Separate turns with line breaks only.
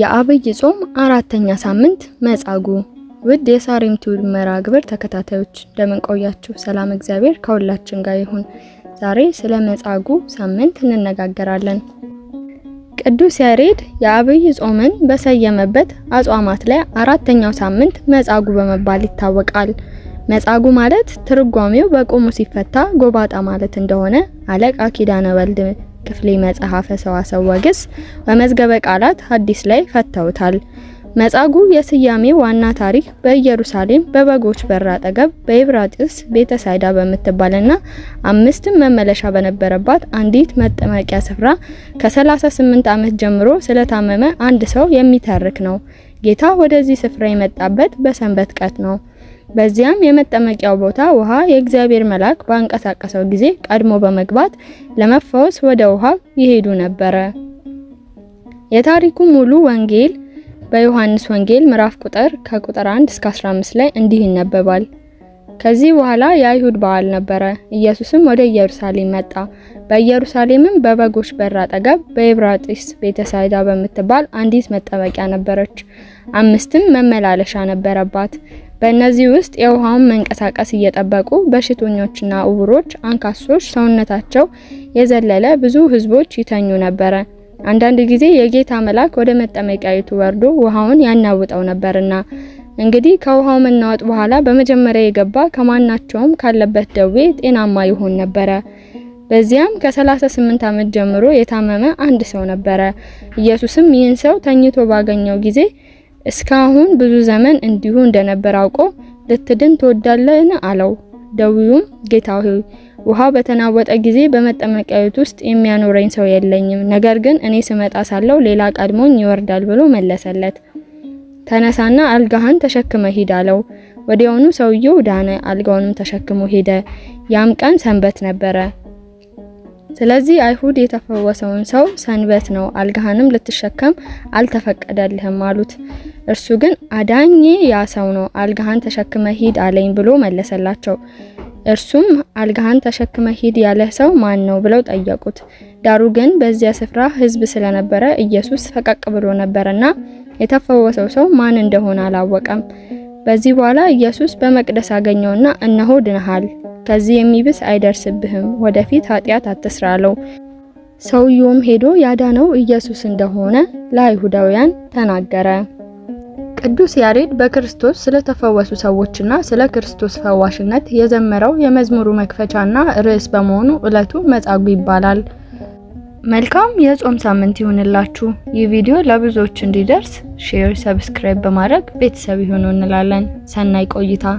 የአብይ ጾም አራተኛ ሳምንት መጻጉዕ። ውድ የሳሪም ቲዩብ መርሃ ግብር ተከታታዮች እንደምን ቆያችሁ? ሰላም እግዚአብሔር ከሁላችን ጋር ይሁን። ዛሬ ስለ መጻጉዕ ሳምንት እንነጋገራለን። ቅዱስ ያሬድ የአብይ ጾምን በሰየመበት አጽዋማት ላይ አራተኛው ሳምንት መጻጉዕ በመባል ይታወቃል። መጻጉዕ ማለት ትርጓሜው በቆሙ ሲፈታ ጎባጣ ማለት እንደሆነ አለቃ ኪዳነ ወልድ ክፍሌ መጽሐፈ ሰዋሰው ወግስ በመዝገበ ቃላት ሐዲስ ላይ ፈተውታል። መጻጉ የስያሜ ዋና ታሪክ በኢየሩሳሌም በበጎች በር አጠገብ በኤብራጢስ ቤተ ሳይዳ በምትባልና አምስትም መመለሻ በነበረባት አንዲት መጠመቂያ ስፍራ ከ38 ዓመት ጀምሮ ስለታመመ አንድ ሰው የሚተርክ ነው። ጌታ ወደዚህ ስፍራ የመጣበት በሰንበት ቀት ነው። በዚያም የመጠመቂያው ቦታ ውሃ የእግዚአብሔር መልአክ ባንቀሳቀሰው ጊዜ ቀድሞ በመግባት ለመፈወስ ወደ ውሃው ይሄዱ ነበረ። የታሪኩ ሙሉ ወንጌል በዮሐንስ ወንጌል ምዕራፍ ቁጥር ከቁጥር 1 እስከ 15 ላይ እንዲህ ይነበባል። ከዚህ በኋላ የአይሁድ በዓል ነበረ። ኢየሱስም ወደ ኢየሩሳሌም መጣ። በኢየሩሳሌምም በበጎች በር አጠገብ በኤብራጢስ ቤተሳይዳ በምትባል አንዲት መጠመቂያ ነበረች። አምስትም መመላለሻ ነበረባት። በእነዚህ ውስጥ የውሃውን መንቀሳቀስ እየጠበቁ በሽተኞችና እውሮች፣ አንካሶች፣ ሰውነታቸው የዘለለ ብዙ ህዝቦች ይተኙ ነበረ። አንዳንድ ጊዜ የጌታ መልአክ ወደ መጠመቂያይቱ ወርዶ ውሃውን ያናውጠው ነበርና እንግዲህ ከውሃው መናወጥ በኋላ በመጀመሪያ የገባ ከማናቸውም ካለበት ደዌ ጤናማ ይሆን ነበረ። በዚያም ከ38 ዓመት ጀምሮ የታመመ አንድ ሰው ነበረ። ኢየሱስም ይህን ሰው ተኝቶ ባገኘው ጊዜ እስካሁን ብዙ ዘመን እንዲሁ እንደነበር አውቆ ልትድን ትወዳለህን አለው። ደዊውም ጌታ ሆይ ውሃ በተናወጠ ጊዜ በመጠመቂያ ውስጥ የሚያኖረኝ ሰው የለኝም፣ ነገር ግን እኔ ስመጣ ሳለው ሌላ ቀድሞኝ ይወርዳል ብሎ መለሰለት። ተነሳና አልጋህን ተሸክመ ሂድ አለው። ወዲያውኑ ሰውየው ዳነ፣ አልጋውንም ተሸክሞ ሄደ። ያም ቀን ሰንበት ነበረ። ስለዚህ አይሁድ የተፈወሰውን ሰው ሰንበት ነው፣ አልጋህንም ልትሸከም አልተፈቀደልህም አሉት። እርሱ ግን አዳኝ ያ ሰው ነው፣ አልጋህን ተሸክመ ሂድ አለኝ ብሎ መለሰላቸው። እርሱም አልጋህን ተሸክመ ሂድ ያለህ ሰው ማን ነው ብለው ጠየቁት። ዳሩ ግን በዚያ ስፍራ ሕዝብ ስለነበረ ኢየሱስ ፈቀቅ ብሎ ነበረና የተፈወሰው ሰው ማን እንደሆነ አላወቀም። በዚህ በኋላ ኢየሱስ በመቅደስ አገኘውና እነሆ ድነሃል ከዚህ የሚብስ አይደርስብህም፣ ወደፊት ኃጢአት አትስራ አለው። ሰውየውም ሄዶ ያዳነው ኢየሱስ እንደሆነ ለአይሁዳውያን ተናገረ። ቅዱስ ያሬድ በክርስቶስ ስለተፈወሱ ሰዎችና ስለ ክርስቶስ ፈዋሽነት የዘመረው የመዝሙሩ መክፈቻና ርዕስ በመሆኑ ዕለቱ መጻጉዕ ይባላል።
መልካም የጾም ሳምንት ይሁንላችሁ። ይህ ቪዲዮ ለብዙዎች እንዲደርስ ሼር፣ ሰብስክራይብ በማድረግ ቤተሰብ ይሁኑ እንላለን። ሰናይ ቆይታ